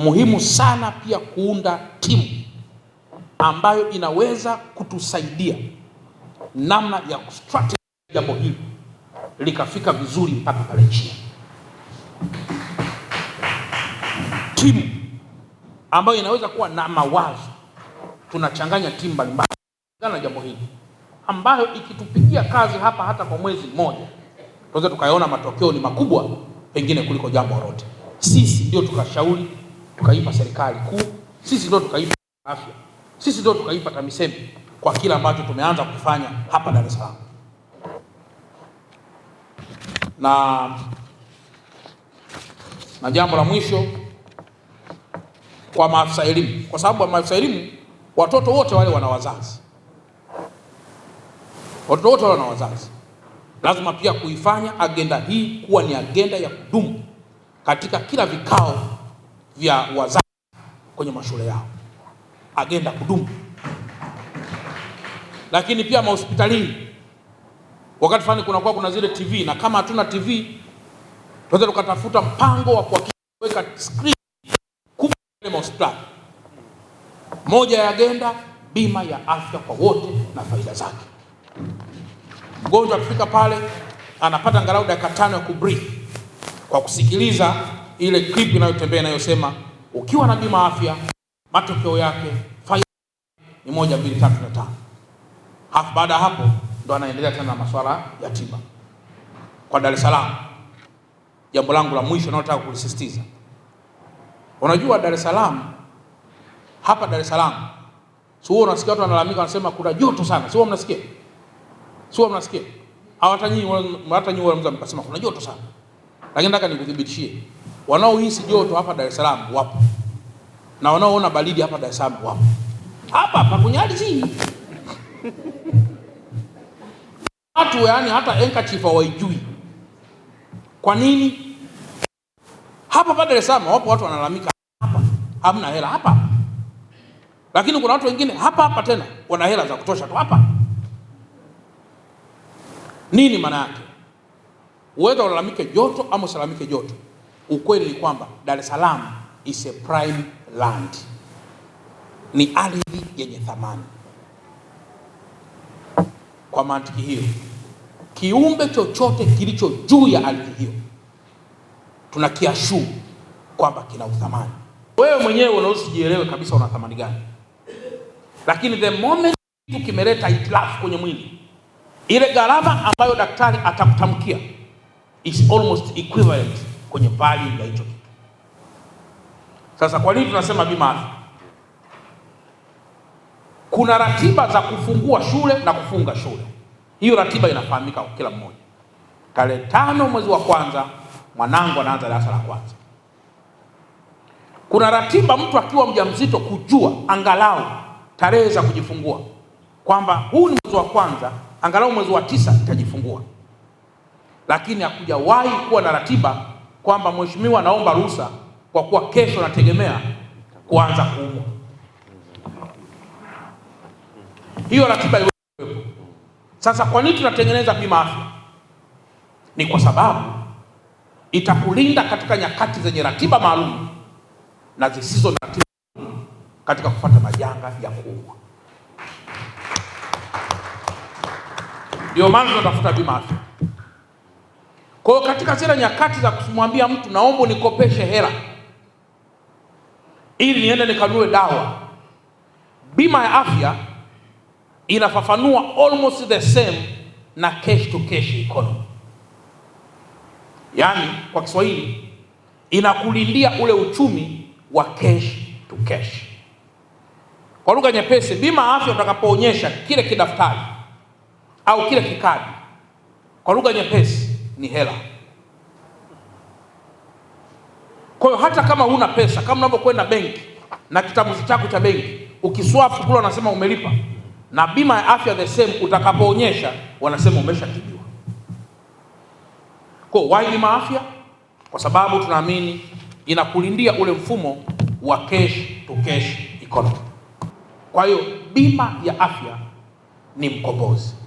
muhimu mm. sana pia kuunda timu ambayo inaweza kutusaidia namna ya kustrategize jambo hili likafika vizuri mpaka pale chini. Timu ambayo inaweza kuwa na mawazo, tunachanganya timu mbalimbali na jambo hili ambayo ikitupigia kazi hapa hata kwa mwezi mmoja, tunaweza tukayaona matokeo ni makubwa pengine kuliko jambo lolote. Sisi ndio tukashauri tukaipa serikali kuu, sisi ndio tukaipa afya, sisi ndio tukaipa TAMISEMI kwa kila ambacho tumeanza kufanya hapa Dar es Salaam. Na, na jambo la mwisho kwa maafisa elimu, kwa sababu maafisa elimu watoto wote wale wana wazazi, watoto wote wale wana wazazi. Lazima pia kuifanya agenda hii kuwa ni agenda ya kudumu katika kila vikao vya wazazi kwenye mashule yao, agenda kudumu. Lakini pia mahospitalini, wakati fulani kunakuwa kuna zile TV na kama hatuna TV tunaweza tukatafuta mpango wa kuweka screen kubwa kwenye mahospitali. Moja ya agenda, bima ya afya kwa wote na faida zake. Mgonjwa akifika pale anapata angalau dakika tano ya kubrief kwa kusikiliza ile clip inayotembea inayosema ukiwa na bima afya matokeo yake faida ni moja, mbili, tatu na tano. Halafu baada ya hapo ndo anaendelea tena na masuala ya tiba kwa Dar es Salaam. Jambo langu la mwisho nalotaka kulisisitiza, unajua Dar es Salaam, hapa Dar es Salaam si sio unasikia watu wanalalamika, wanasema kuna joto sana, si sio mnasikia, si sio mnasikia, hata nyinyi hata nyinyi mkasema kuna joto sana, lakini nataka nikudhibitishie Wanaohisi joto hapa Dar es Salaam wapo, na wanaoona baridi hapa Dar es Salaam wapo, hapa hapa kwenye ardhi watu yani hata handkerchief hawaijui. Kwa nini? Hapa pa Dar es Salaam wapo watu wanalalamika hapa hamna hela hapa, lakini kuna watu wengine hapa hapa tena wana hela za kutosha tu hapa. Nini maana yake? Uweza ulalamike joto ama usilalamike joto ukweli ni kwamba Dar es Salaam is a prime land, ni ardhi yenye thamani. Kwa mantiki hiyo, kiumbe chochote kilicho juu ya ardhi hiyo tunakiashuu kwamba kina uthamani. Wewe mwenyewe unaweza usijielewe kabisa una thamani gani, lakini the moment kitu kimeleta itilafu kwenye mwili, ile gharama ambayo daktari atakutamkia is almost equivalent kwenye pali ya hicho kitu. Sasa kwa nini tunasema bima afya? Kuna ratiba za kufungua shule na kufunga shule. Hiyo ratiba inafahamika kila mmoja. Tarehe tano mwezi wa kwanza mwanangu anaanza darasa la kwanza. Kuna ratiba mtu akiwa mjamzito kujua angalau tarehe za kujifungua, kwamba huu ni mwezi wa kwanza, angalau mwezi wa tisa nitajifungua, lakini hakujawahi kuwa na ratiba kwamba mheshimiwa, naomba ruhusa kwa kuwa kesho nategemea kuanza kuumwa. Hiyo ratiba iwepo. Sasa kwa nini tunatengeneza bima afya? Ni kwa sababu itakulinda katika nyakati zenye ratiba maalum na zisizo na ratiba maalum katika kupata majanga ya kuumwa. Ndio maana tunatafuta bima afya. Kwa hiyo katika zile nyakati za kumwambia mtu naomba nikopeshe hela ili niende nikanunue dawa, bima ya afya inafafanua almost the same na cash to cash economy, yaani kwa Kiswahili inakulindia ule uchumi wa cash to cash. Kwa lugha nyepesi, bima ya afya utakapoonyesha kile kidaftari au kile kikadi, kwa lugha nyepesi ni hela. Kwa hiyo hata kama huna pesa, kama unavyokwenda benki na kitambulisho chako cha benki, ukiswapu kule wanasema umelipa, na bima ya afya the same, utakapoonyesha wanasema umeshatibiwa. Kwa hiyo why bima afya? Kwa sababu tunaamini inakulindia ule mfumo wa cash to cash economy. Kwa hiyo bima ya afya ni mkombozi.